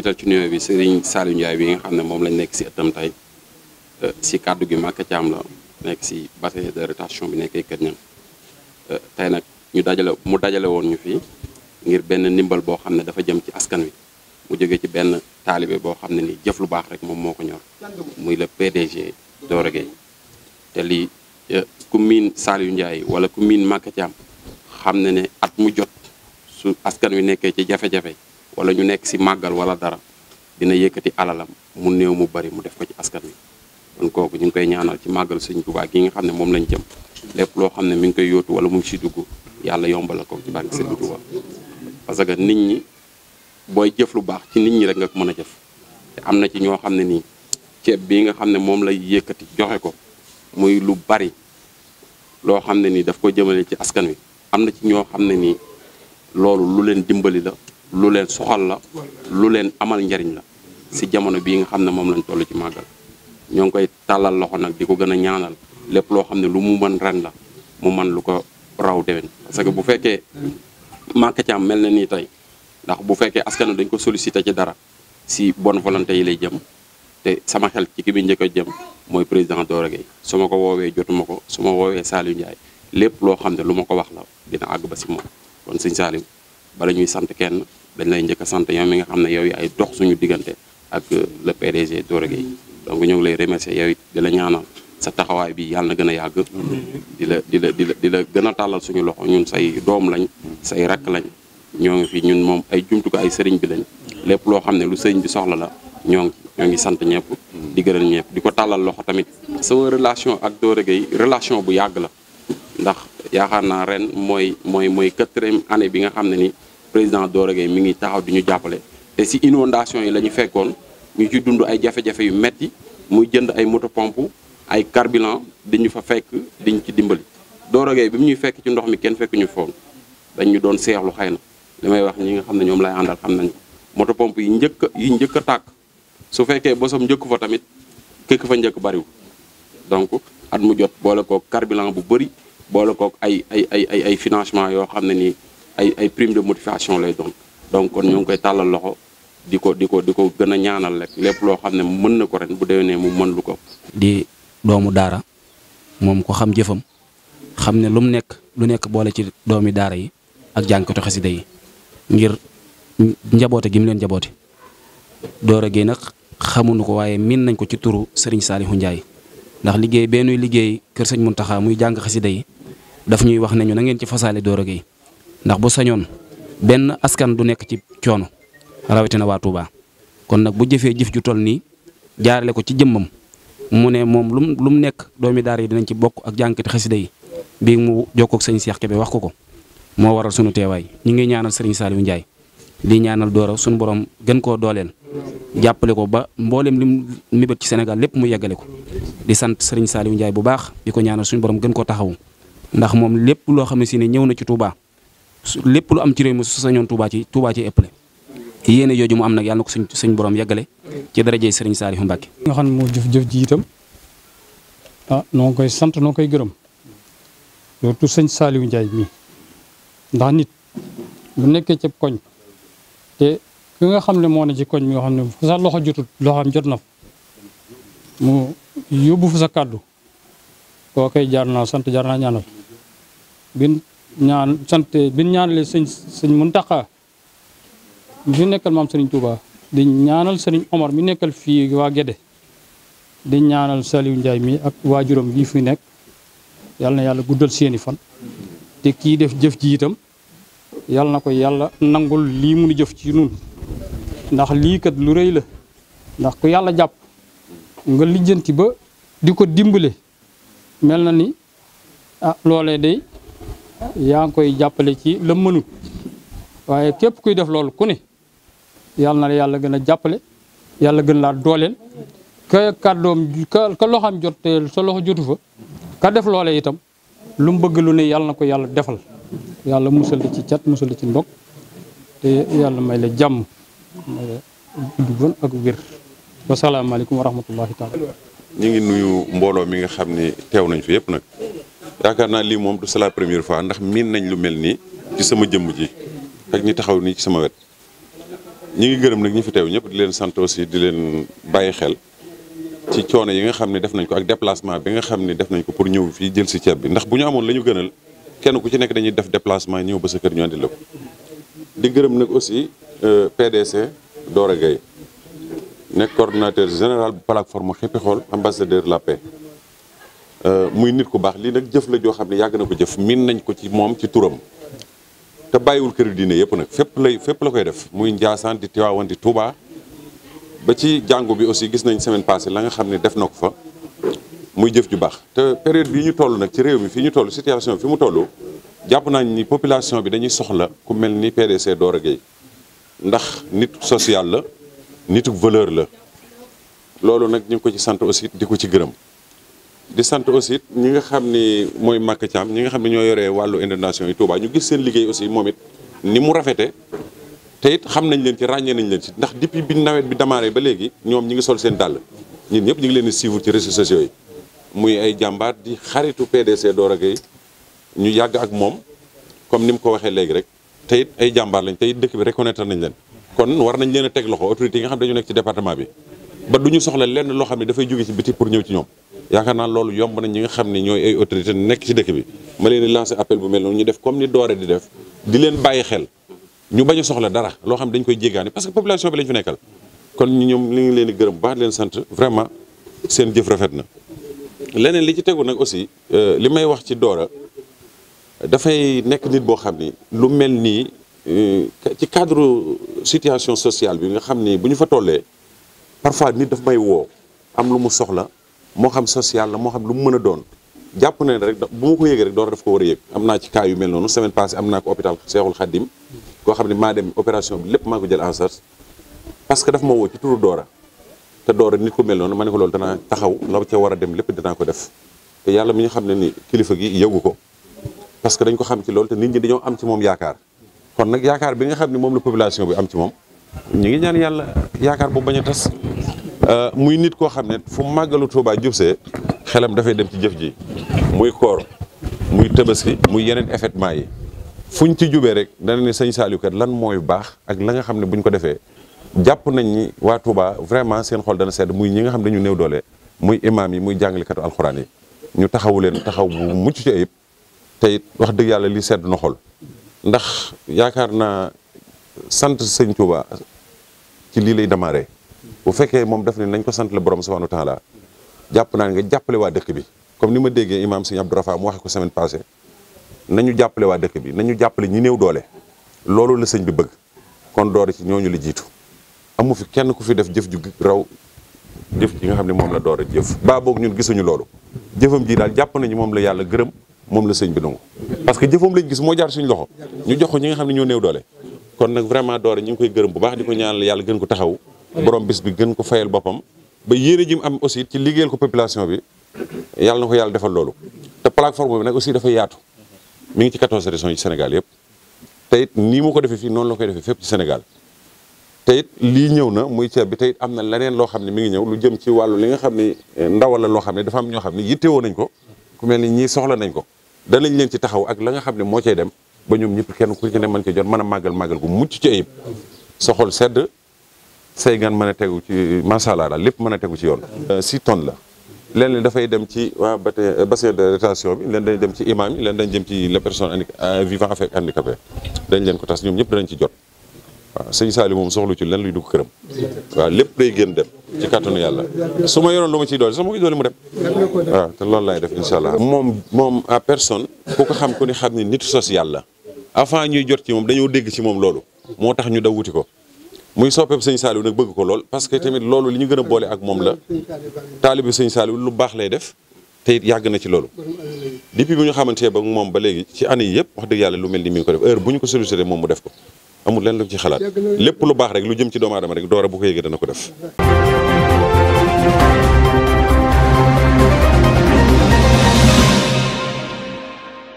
jiital ci nuyoo bi Serigne Saliou Ndiaye bi nga xam ne moom lañ nekk si ëttam tey euh, si kàddu gi Maka Thiam la nekk si bassin de rétention bi nekkee Kër euh, tey nag ñu dajale mu dajale woon ñu fii ngir benn ndimbal boo xam ne dafa jëm ci askan wi mu jóge ci benn taalibe boo xam ne ni jëf lu baax rek moom moo ko ñor muy le PDG Doro Gaye te lii euh, ku miin Saliou Ndiaye wala ku miin Maka Thiam xam ne ne at mu jot su askan wi nekkee ci jafe-jafe wala ñu nekk si màggal wala dara dina yëkkati alalam mu néew mu bari mu def ko ci askan wi kon kooku ñu ngi koy ñaanal ci màggal sëñ Tuubaa gi nga xam ne moom lañ jëm lépp loo xam ne mi ngi koy yóotu wala mu si dugg yàlla yombala ko ci barke sëñ Tuubaa parce que nit ñi booy jëf lu baax ci nit ñi rek nga mën a jëf te am na ci ñoo xam ne nii ceeb bii nga xam ne moom lay yëkkati joxe ko muy lu bari loo xam ne nii daf ko jëmalee ci askan wi am na ci ñoo xam ne nii loolu lu leen dimbali la lu leen soxal la lu leen amal njariñ la si jamono bii nga xam ne moom lañ toll ci màggal ñoo ngi koy tàllal loxo nag di ko gën a ñaanal lépp loo xam ne lu mu mën ren la mu mën lu ko raw déwén que bu fekkee Maka mel na nii tey ndax bu fekkee askan dañ ko sollicité ci dara si bonne volonté yi lay jëm te sama xel ci bi njëkk a jëm mooy président Doro Gueye su ma ko woowee jotuma ko su ma woowee Saliou Ndiaye lépp loo xam ne lu ma ko wax la dina àgg ba si moom kon sëñ Saliou bala ñuy sant kenn dañ lay njëkk sant yow mi nga xam ne yow ay dox suñu diggante ak euh, le PDG Doro Gueye donc ñoo ngi lay remercier yow di la ñaanal sa taxawaay bi yàlla na gën a yàgg di la di la di la di la gën a tàllal suñu loxo ñun say doom lañ say rakk lañ ñoo ngi fi ñun moom ay jumtukaay ay sëriñ bi lañ lépp loo xam ne lu sëriñ bi soxla la ñoo ngi ñoo ngi sant ñëpp di gërëm ñëpp di ko tàllal loxo tamit sama relation ak Doro Gueye relation bu yàgg la ndax yaakaar naa ren mooy mooy mooy quatrième année bi nga xam ne ni président Doro Gaye mi ngi taxaw di ñu jàppale te si inondation yi la ñu fekkoon ñu ci dund ay jafe-jafe yu metti muy jënd ay moto pompe ay carburant diñu fa fekk diñ ci dimbali Doro Gaye bi mu ñuy fekk ci ndox mi kenn fekk ñu foon dañ ñu doon seexlu xay na li may wax ñi nga xam ne ñoom lay àndal xam nañu moto pompe yi njëkk yi njëkk a tàkk su fekkee bosam njëkku fa tamit këkk fa njëkk bariwul donc at mu jot boole kook carburant bu bëri boole kook ay ay ay ay ay yoo xam ne nii ay ay prime de motivation lay doon donc kon ñoo ngi koy tàllal loxo di ko di ko di ko gën a ñaanal rek lépp loo xam ne mën na ko ren bu déwénee mu mën lu ko. di doomu daara moom ko xam jëfam xam ne lu mu nekk lu nekk boole ci doomi daara yi ak jànkatu xasida yi ngir njaboote gi mu leen njaboote Doro Gueye nag xamuñu ko waaye miin nañ ko ci turu Serigne Saliou Ndiaye ndax liggéey bennuy liggéey kër mun Mountakha muy jàng xasida yi daf ñuy wax ne ñu na ngeen ci fasaale Doro Gueye ndax boo sañoon benn askan du nekk ci coono rawatina waa Touba kon nag bu jëfee jëf ju toll nii jaarale ko ci jëmmam mu ne moom lum lu mu nekk doomi daar yi dinañ ci bokk ak jànkati xasida yi bii mu jokkoog sëñ Cheikh Kébé wax ko ko moo waral sunu teewaay ñu ngi ñaanal sëriñ Saliou njaay di ñaanal Dora sunu borom gën koo dooleel jàppale ko ba mboolem mu mébét ci Sénégal lépp mu yeggale ko di sant sëriñ Saliou njaay bu baax di ko ñaanal suñu borom gën koo taxawu ndax moom lépp loo xam ne ñëw na ci Touba lépp lu am ci réew mi su sañoon Touba ci Touba ci ëppale yéene jooju mu am nag yàlla na ko suñ suñ borom yeggale ci darajey Serigne Saliou Mbacké nga xam ne moo jëf-jëf ji itam ah, noo ngi koy sant noo koy gërëm loolu tu sëñ Saliou Ndiaye ndax nit bu nekkee ci koñ te ki nga xam ne moo ne ci koñ mi nga xam ne fu sa loxo jotut loxoom jot na fa mu yóbbu fu sa kàddu koo koy jaar naa sant jaar naa ñaanal bin ñaan sant bi ñu ñaanalee sëñ sëñ Muntaxa mi fi nekkal maam Serigne Touba dañ ñaanal Serigne omor mi nekkal fii waa Gédé di ñaanal Saliou njaay mi ak waajuram yi fi nekk yàlla na yàlla guddal seeni fan te kii def jëf ji itam yàlla na ko yàlla nangul lii mu jëf ci nun ndax lii kat lu rëy la ndax ku yàlla jàpp nga lijjanti ba di ko dimbale mel na ni ah loolee day yaa ngi koy jàppale ci la mënut waaye képp kuy def loolu ku ne yàlla na la yàlla gën a jàppale yàlla gën laa dooleel ka kàddoom ka ka loxam jot sa loxo jotu fa ka def loole itam lu mu bëgg lu ne yàlla na ko yàlla defal yàlla musal la ci cat musal la ci ndog te yàlla may la jàmm may la duggoon ak wér wasalaamaaleykum wa rahmatullahi taala ñu ngi nuyu mbooloo mi nga xam ni teew nañ fi yëpp nag yaakaar naa lii moom du c'est la première fois ndax miin nañ lu mel nii ci sama jëmm ji ak ñi taxaw nii ci sama wet ñi ngi gërëm nag ñi fi teew ñëpp di leen sant aussi di leen bàyyi xel ci coono yi nga xam ne def nañ ko ak déplacement bi nga xam ni def nañ ko pour ñëw fii jël si ceeb bi ndax bu ñu amoon la ñu gënal kenn ku ci nekk dañuy def déplacement ñëw ba sa kër ñu andi la ko di gërëm nag aussi euh, PDC Dora Gueye nekk coordonnateur général bu plateforme xëppi xool ambassadeur la paix Euh, muy nit ku baax lii nag jëf la joo xam ne yàgg na ko jëf miin nañ ko ci moom ci turam te bàyyiwul këru diine yëpp nag fépp lay fépp la koy def muy Njaasaan di Tiwaawan di Tuubaa ba ci jàngo bi aussi gis nañ semaine passée la nga xam ne def na ko fa muy jëf ju baax te période bi ñu toll nag ci réew mi fii ñu toll situation bi fi mu toll jàpp nañ ni population bi dañuy soxla ku mel ni PDC a Gueye ndax nit social la nitu valeur la loolu nag ñu ko ci sant aussi di ko ci gërëm di sant aussi ñi nga xam ni mooy Màkk Thiam ñi nga xam ne ñoo yoree wàllu inondation yi Touba ñu gis seen liggéey aussi moom it ni mu rafete te it xam nañ leen ci ràññee nañ leen ci ndax depuis bi nawet bi démarré ba léegi ñoom ñi ngi sol seen dàll ñun ñëpp ñu ngi leen di suivre ci réseaux sociaux yi muy ay jàmbaar di xaritu PDC a Gaye ñu yàgg ak moom comme ni mu ko waxee léegi rek te it ay jàmbaar lañ te it dëkk bi reconnaître nañ leen kon war nañ leen a teg loxo autorité yi nga xam dañu nekk ci département bi ba du ñu soxla lenn loo xam ne dafay jóge ci biti pour ñëw ci ñoom yaakaar naa loolu yomb na ñi nga xam ne ñooy ay autorité nekk ci dëkk bi ma leen lancé lancer appel bu mel noonu ñu def comme ni doore di def di leen bàyyi xel ñu bañ a soxla dara loo xam ne dañ koy jéggaani parce que population bi lañ fi nekkal kon ñu ñoom li ngi leen di gërëm sant vraiment seen jëf rafet na leneen li ci tegu nag aussi euh, li may wax ci doora dafay nekk nit boo xam ni lu mel nii euh, ci cadre situation sociale bi nga xam ni bu ñu fa tollee parfois nit daf may woo am lu mu soxla moo xam social la moo xam lu mu mën a doon jàpp na ne rek bu ma ko yëgee rek door def ko war a yëg am na ci cas yu mel noonu semaine passée am naa ko hôpital Cheikhoul Khadim koo xam ne maa dem opération bi lépp maa ko jël en parce que daf ma woo ci turu Dora te Dora nit ku mel noonu ma ne ko loolu danaa taxaw la ca war a dem lépp dinaa ko def yàlla mu ñu xam ne ni kilifa gi yëgu ko parce que dañ ko xam ci loolu te nit ñi dañoo am ci moom yaakaar kon nag yaakaar bi nga xam ne moom la population bi am ci moom ñu ngi ñaan yàlla yaakaar boobu bañ a tas Euh, muy nit koo xam ne fu màggalu Tuubaa jubsee xelam dafay dem ci jëf ji muy koor muy tabaski muy yeneen événement yi fuñ ci jubee rek dana ne sëñ Saliou lan mooy baax ak la nga xam ne buñ ko defee jàpp nañ ni waa Touba vraiment seen xol dana sedd muy ñi nga xam ne dañu néew doole muy imaam yi muy jàngalikatu alxuraan yi ñu taxaw leen taxaw bu mucc ci ayib te wax dëgg yàlla li sedd na xol ndax yaakaar naa sant sëñ Touba ci lii lay démarré. bu fekkee moom daf ne nañ ko sant la borom subhanahu wa taala jàpp naa nga jàppale waa dëkk bi comme ni ma déggee imaam sëñ Abdou Rafa mu waxe ko semaine passée nañu jàppale waa dëkk bi nañu jàppale ñi néew doole loolu la sëñ bi bëgg kon doore ci ñooñu la jiitu amu fi kenn ku fi def jëf ju raw jëf ji nga xam ne moom la door a baa boog ñun gisuñu loolu jëfam ji daal jàpp nañu moom la yàlla gërëm moom la sëñ bi nangu parce que jëfam lañ gis moo jaar suñu loxo ñu jox ko ñu nga xam ne ñoo new doole kon nag vraiment doore ñu ngi koy gërëm bu baax di ko ñaanal yàlla gën ko taxaw borom bis bi gën ko fayal boppam ba yéene ji mu am aussi ci liggéeyal ko population bi yàlla na ko yàlla defal loolu te plateforme bi nag aussi dafa yaatu mi ngi ci 14 régions yi Sénégal yëpp te it nii mu ko defee fii noonu la koy defee fépp ci Sénégal te lii ñëw na muy ceeb bi te am na leneen loo xam ne mi ngi ñëw lu jëm ci wàllu li nga xam ne eh, ndawal loo xam ne dafa am ñoo xam ne yittewoo nañ ko ku mel ni ñii soxla nañ ko danañ leen ci taxaw ak la nga xam ne moo cay dem ba ñoom ñëpp kenn ku ci ne mën cee jot mën a màggal màggal gu mucc ci ayib sedd say gan mën tegu ci macha allah daal lépp mën a tegu ci yoon. Euh, si tonnes la len dafay dem ci waa bassin de rétention bi leen dañ dem ci imam yi leen dañ jëm ci les personnes euh, vivant avec handicapé dañ leen ko tas ñoom ñëpp danañ ci jot. waaw sëñ Saliou moom soxlu ci len luy dugg këram waaw lépp day génn dem ci kàttanu yàlla su ma yoroon lu ma ciy doole su ma koy doole mu dem waaw te loolu laay def incha allah moom moom à personne ku ko xam ku xam ni nitu social la avant ñuy jot ci moom dañoo dégg ci moom loolu moo tax ñu daw wuti ko muy soppeeku sëñ Saliou nag bëgg ko lool parce que tamit loolu li ñu gën a boole ak moom la taalibu sëñ Saliou lu baax lay def tey yàgg na ci loolu. depuis bi ñu xamantee ba moom ba léegi ci année yi yëpp wax dëgg yàlla lu mel ni mi ngi ko def heure bu ñu ko sollicité moom mu def ko amul leen lu ci xalaat lépp lu baax rek lu jëm ci doomu adama rek doora bu ko yëgee dana ko def.